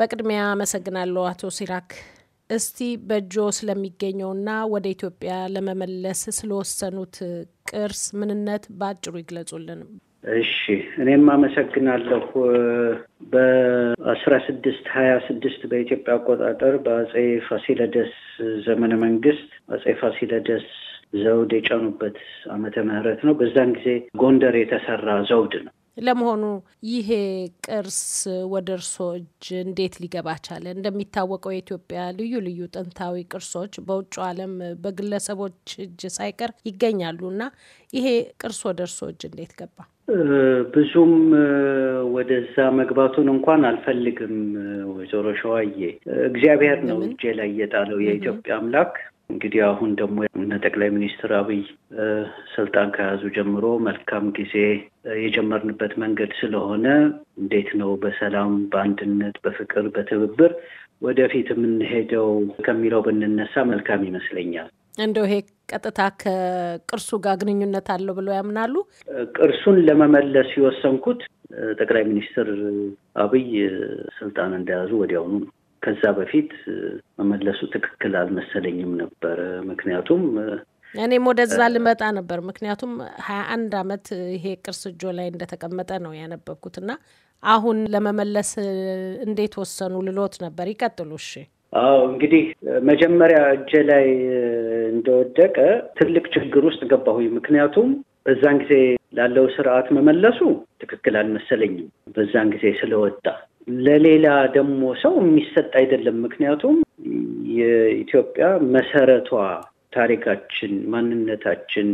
በቅድሚያ አመሰግናለሁ አቶ ሲራክ። እስቲ በእጆ ስለሚገኘውና ወደ ኢትዮጵያ ለመመለስ ስለወሰኑት ቅርስ ምንነት በአጭሩ ይግለጹልን። እሺ እኔም አመሰግናለሁ። በአስራ ስድስት ሀያ ስድስት በኢትዮጵያ አቆጣጠር በአጼ ፋሲለደስ ዘመነ መንግስት አጼ ፋሲለደስ ዘውድ የጫኑበት ዓመተ ምህረት ነው። በዛን ጊዜ ጎንደር የተሰራ ዘውድ ነው። ለመሆኑ ይሄ ቅርስ ወደ እርሶ እጅ እንዴት ሊገባ ቻለ? እንደሚታወቀው የኢትዮጵያ ልዩ ልዩ ጥንታዊ ቅርሶች በውጭ ዓለም በግለሰቦች እጅ ሳይቀር ይገኛሉ እና ይሄ ቅርስ ወደ እርሶ እጅ እንዴት ገባ? ብዙም ወደዛ መግባቱን እንኳን አልፈልግም ወይዘሮ ሸዋዬ። እግዚአብሔር ነው እጄ ላይ የጣለው የኢትዮጵያ አምላክ እንግዲህ አሁን ደግሞ እነ ጠቅላይ ሚኒስትር አብይ ስልጣን ከያዙ ጀምሮ መልካም ጊዜ የጀመርንበት መንገድ ስለሆነ እንዴት ነው በሰላም በአንድነት፣ በፍቅር፣ በትብብር ወደፊት የምንሄደው ከሚለው ብንነሳ መልካም ይመስለኛል። እንደው ይሄ ቀጥታ ከቅርሱ ጋር ግንኙነት አለው ብለው ያምናሉ? ቅርሱን ለመመለስ የወሰንኩት ጠቅላይ ሚኒስትር አብይ ስልጣን እንደያዙ ወዲያውኑ ነው። ከዛ በፊት መመለሱ ትክክል አልመሰለኝም ነበር ምክንያቱም እኔም ወደዛ ልመጣ ነበር። ምክንያቱም ሀያ አንድ አመት ይሄ ቅርስ እጆ ላይ እንደተቀመጠ ነው ያነበብኩት እና አሁን ለመመለስ እንዴት ወሰኑ ልሎት ነበር። ይቀጥሉ። እሺ። አዎ እንግዲህ መጀመሪያ እጄ ላይ እንደወደቀ ትልቅ ችግር ውስጥ ገባሁኝ። ምክንያቱም በዛን ጊዜ ላለው ስርዓት መመለሱ ትክክል አልመሰለኝም በዛን ጊዜ ስለወጣ ለሌላ ደግሞ ሰው የሚሰጥ አይደለም። ምክንያቱም የኢትዮጵያ መሰረቷ ታሪካችን፣ ማንነታችን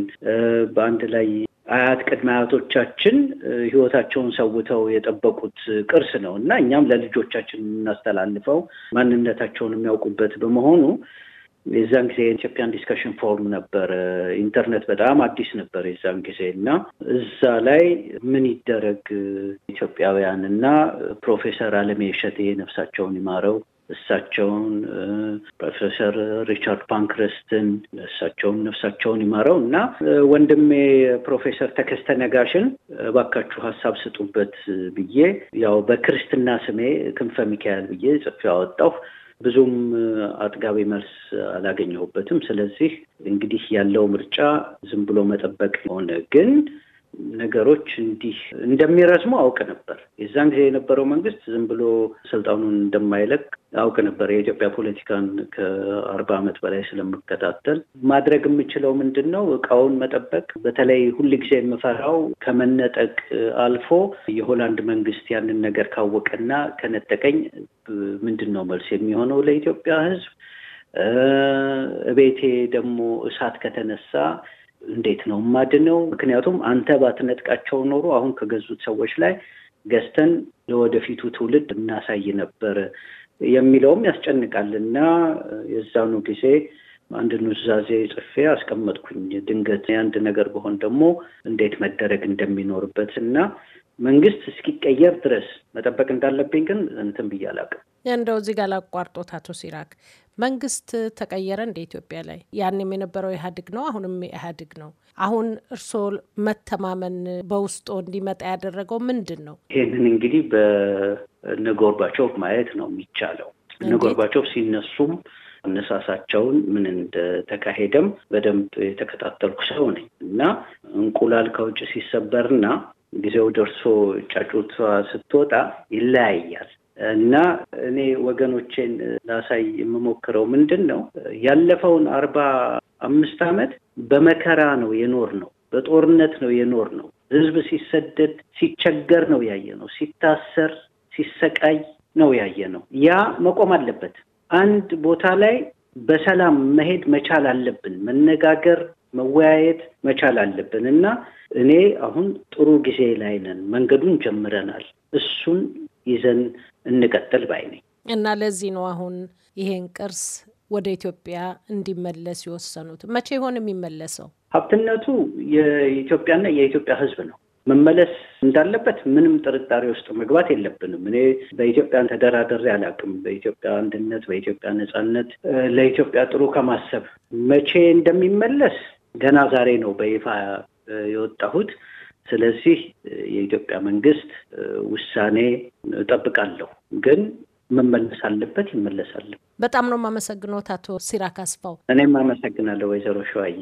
በአንድ ላይ አያት ቅድመ አያቶቻችን ሕይወታቸውን ሰውተው የጠበቁት ቅርስ ነው እና እኛም ለልጆቻችን የምናስተላልፈው ማንነታቸውን የሚያውቁበት በመሆኑ የዛን ጊዜ የኢትዮጵያን ዲስከሽን ፎርም ነበረ። ኢንተርኔት በጣም አዲስ ነበር የዛን ጊዜ እና እዛ ላይ ምን ይደረግ ኢትዮጵያውያን እና ፕሮፌሰር አለሜ እሸቴ ነፍሳቸውን ይማረው እሳቸውን ፕሮፌሰር ሪቻርድ ፓንክረስትን እሳቸውም ነፍሳቸውን ይማረው እና ወንድሜ ፕሮፌሰር ተከስተ ነጋሽን እባካችሁ ሀሳብ ስጡበት ብዬ ያው በክርስትና ስሜ ክንፈ ሚካኤል ብዬ ጽፌ አወጣሁ። ብዙም አጥጋቢ መልስ አላገኘሁበትም። ስለዚህ እንግዲህ ያለው ምርጫ ዝም ብሎ መጠበቅ ሆነ ግን ነገሮች እንዲህ እንደሚረዝሙ አውቅ ነበር። የዛን ጊዜ የነበረው መንግስት ዝም ብሎ ስልጣኑን እንደማይለቅ አውቅ ነበር። የኢትዮጵያ ፖለቲካን ከአርባ ዓመት በላይ ስለምከታተል ማድረግ የምችለው ምንድን ነው? እቃውን መጠበቅ። በተለይ ሁል ጊዜ የምፈራው ከመነጠቅ አልፎ የሆላንድ መንግስት ያንን ነገር ካወቀና ከነጠቀኝ ምንድን ነው መልስ የሚሆነው ለኢትዮጵያ ሕዝብ? እቤቴ ደግሞ እሳት ከተነሳ እንዴት ነው ማድነው? ምክንያቱም አንተ ባትነጥቃቸው ኖሮ አሁን ከገዙት ሰዎች ላይ ገዝተን ለወደፊቱ ትውልድ እናሳይ ነበር የሚለውም ያስጨንቃል እና የዛኑ ጊዜ አንድ ኑዛዜ ጽፌ አስቀመጥኩኝ። ድንገት የአንድ ነገር በሆን ደግሞ እንዴት መደረግ እንደሚኖርበት እና መንግስት እስኪቀየር ድረስ መጠበቅ እንዳለብኝ ግን እንትን ብዬ አላውቅም። እንደው እዚህ ጋር ላቋርጦት፣ አቶ ሲራክ መንግስት ተቀየረ እንደ ኢትዮጵያ ላይ ያንም የነበረው ኢህአዴግ ነው፣ አሁንም ኢህአዴግ ነው። አሁን እርስዎ መተማመን በውስጦ እንዲመጣ ያደረገው ምንድን ነው? ይህንን እንግዲህ በነጎርባቸው ማየት ነው የሚቻለው። ነጎርባቸው ሲነሱም አነሳሳቸውን ምን እንደተካሄደም በደንብ የተከታተልኩ ሰው ነኝ እና እንቁላል ከውጭ ሲሰበርና ጊዜው ደርሶ ጫጩቷ ስትወጣ ይለያያል እና እኔ ወገኖቼን ላሳይ የምሞክረው ምንድን ነው ያለፈውን አርባ አምስት ዓመት በመከራ ነው የኖር ነው፣ በጦርነት ነው የኖር ነው። ህዝብ ሲሰደድ ሲቸገር ነው ያየ ነው፣ ሲታሰር ሲሰቃይ ነው ያየ ነው። ያ መቆም አለበት። አንድ ቦታ ላይ በሰላም መሄድ መቻል አለብን። መነጋገር፣ መወያየት መቻል አለብን እና እኔ አሁን ጥሩ ጊዜ ላይ ነን፣ መንገዱን ጀምረናል። እሱን ይዘን እንቀጥል ባይ ነኝ እና ለዚህ ነው አሁን ይሄን ቅርስ ወደ ኢትዮጵያ እንዲመለስ የወሰኑት። መቼ ይሆን የሚመለሰው? ሀብትነቱ የኢትዮጵያና የኢትዮጵያ ሕዝብ ነው። መመለስ እንዳለበት ምንም ጥርጣሬ ውስጥ መግባት የለብንም። እኔ በኢትዮጵያን ተደራደሬ አላውቅም። በኢትዮጵያ አንድነት፣ በኢትዮጵያ ነጻነት፣ ለኢትዮጵያ ጥሩ ከማሰብ መቼ እንደሚመለስ ገና ዛሬ ነው በይፋ የወጣሁት። ስለዚህ የኢትዮጵያ መንግስት ውሳኔ እጠብቃለሁ ግን መመለስ አለበት፣ ይመለሳል። በጣም ነው የማመሰግነው አቶ ሲራክ አስፋው። እኔም አመሰግናለሁ ወይዘሮ ሸዋዬ።